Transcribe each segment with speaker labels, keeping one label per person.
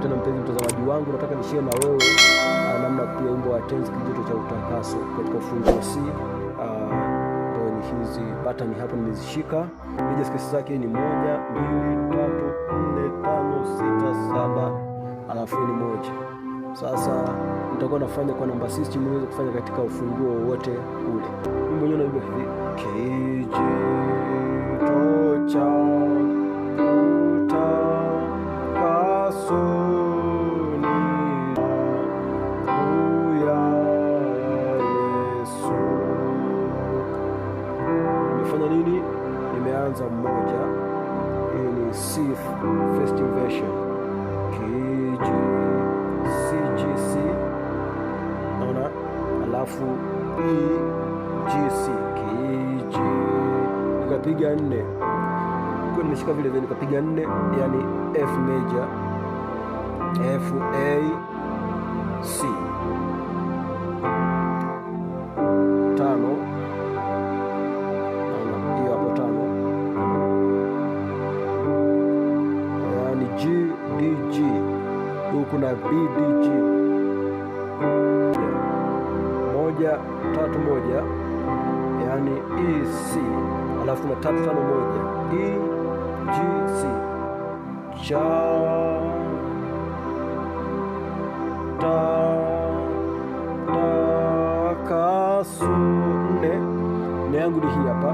Speaker 1: Karibu tena mpenzi mtazamaji wangu, nataka nishie na wewe ah, namna ya kupiga wimbo wa tenzi kijito cha utakaso katika ufungu wa C. Ah, ni hizi patani hapo nimezishika, major scales zake ni moja, mbili, tatu, nne, tano, sita, saba, alafu ni moja. Sasa nitakuwa nafanya kwa namba system, niweze kufanya katika ufunguo wote ule. Wimbo mwenyewe naimba hivi kijito cha utakaso nimefanya nini? Nimeanza mmoja. Hii ni C first inversion KG CGC, naona alafu EGC KG, nikapiga nne kwa nimeshika vile vile, nikapiga nne, yani F major F A C na BDG moja tatu moja yani EC, alafu na tatu tano moja EGC cha takasu nne ne yangu ni hii hapa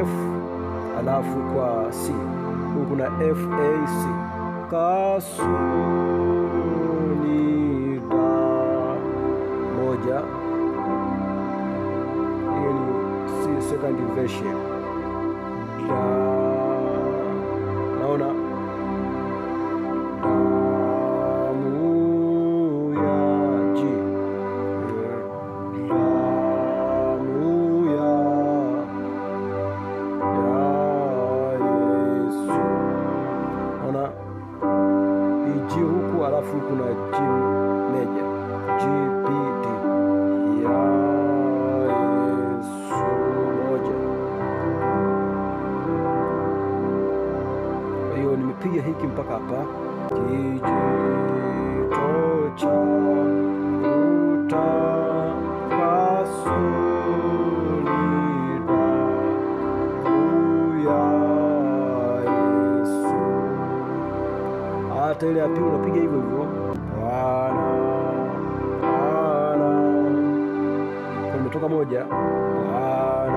Speaker 1: F, alafu kwa C huku na F A C kasu moja. Hiyo ni second version. hiki mpaka hapa kijito cha kutakaswa hata ile ya pili unapiga hivyo hivyo, Bwana Bwana, umetoka moja, Bwana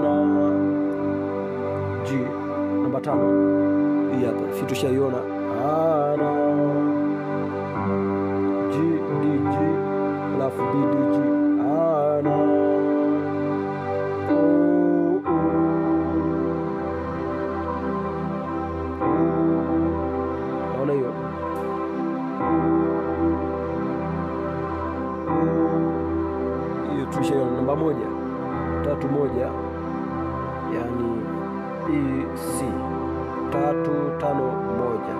Speaker 1: Bwana ji namba tano. Hii hapa si tushaiona? Ana G D G alafu D D G ana oh, oh. namba moja tatu moja yani E C tatu tano moja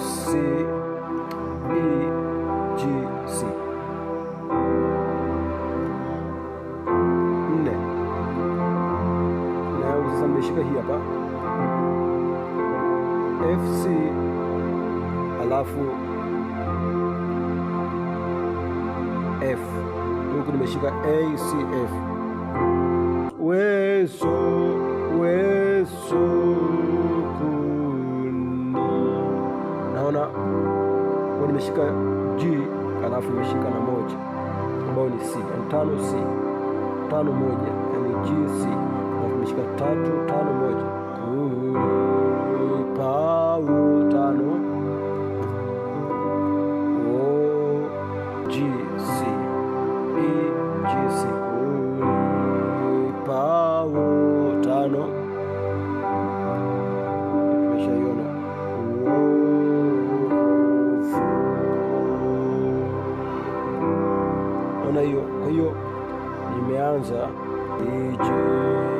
Speaker 1: C E G C. Nne na sasa nimeshika hii hapa F C alafu F huku nimeshika A C F weso weso nimeshika G alafu nimeshika na moja ambayo ni C, yani tano C, tano moja, yani G C, alafu nimeshika tatu tano moja Kwa hiyo mm. nimeanza ije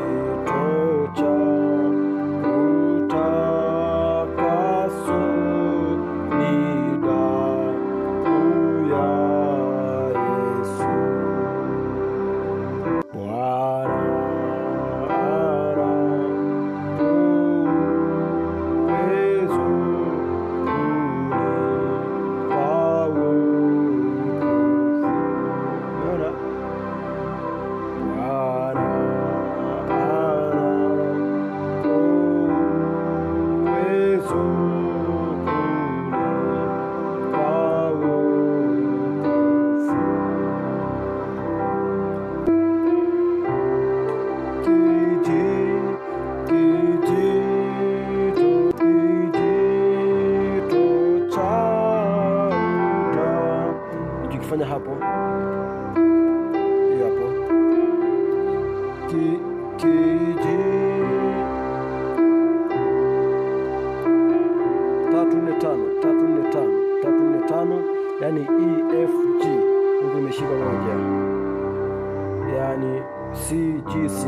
Speaker 1: hapo, yani E F G huku imeshika moja, yani C G C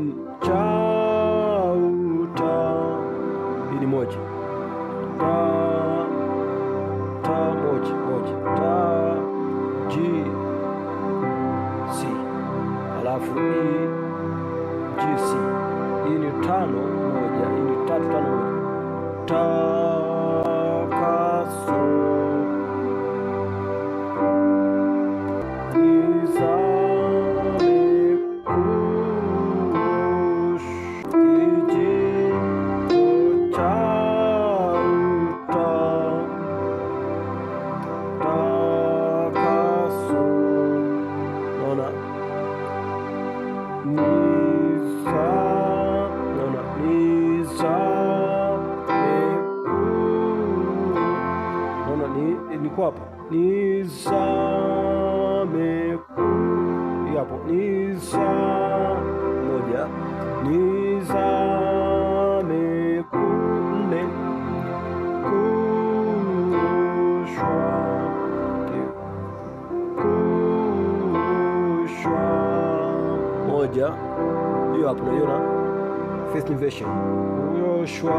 Speaker 1: Helen Chauta. Hii ni moja ta ta moji moja ta G C alafu E G C. Hii tano moja, hii ni tatu tano moja ta iko hapo, nizame hapo, niza moja, nizame kune kushwa kushwa moja, hiyo hapo, naiona first inversion kushwa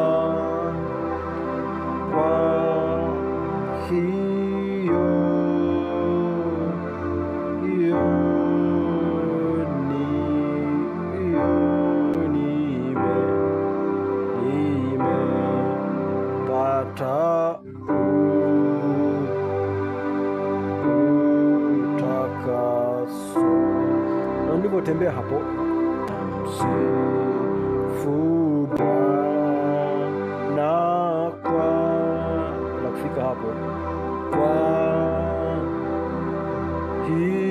Speaker 1: na ulivyotembea hapo fuba na kwa na kufika hapo kwa hii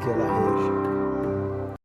Speaker 1: que ela rege.